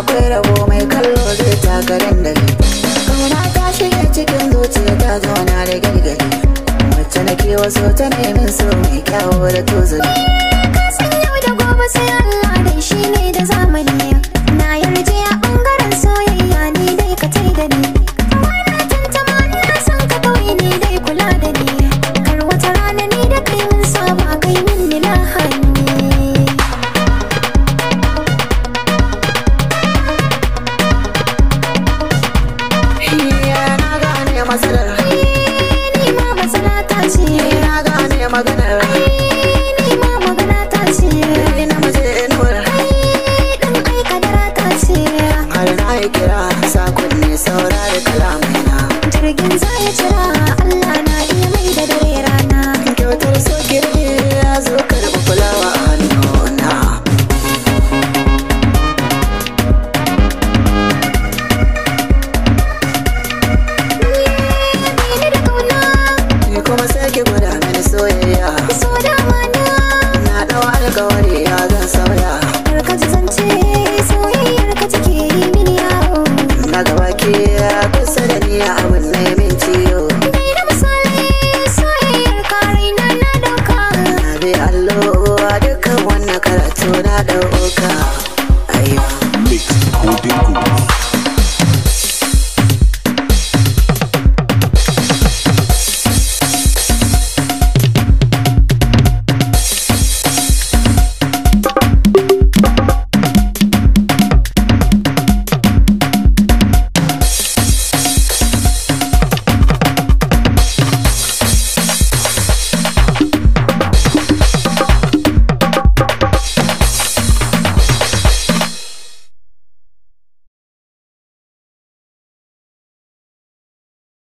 akwai rabo mai kallo zai taka dare kauna ta shiga cikin zuciya ta zauna da girgiri mace na kewa wasu ta min so mai kyawo da tozuri kasan yau da gobe sai Allah dai shi ne da zamani Mai saurari kalamai na. Jirgin zai cira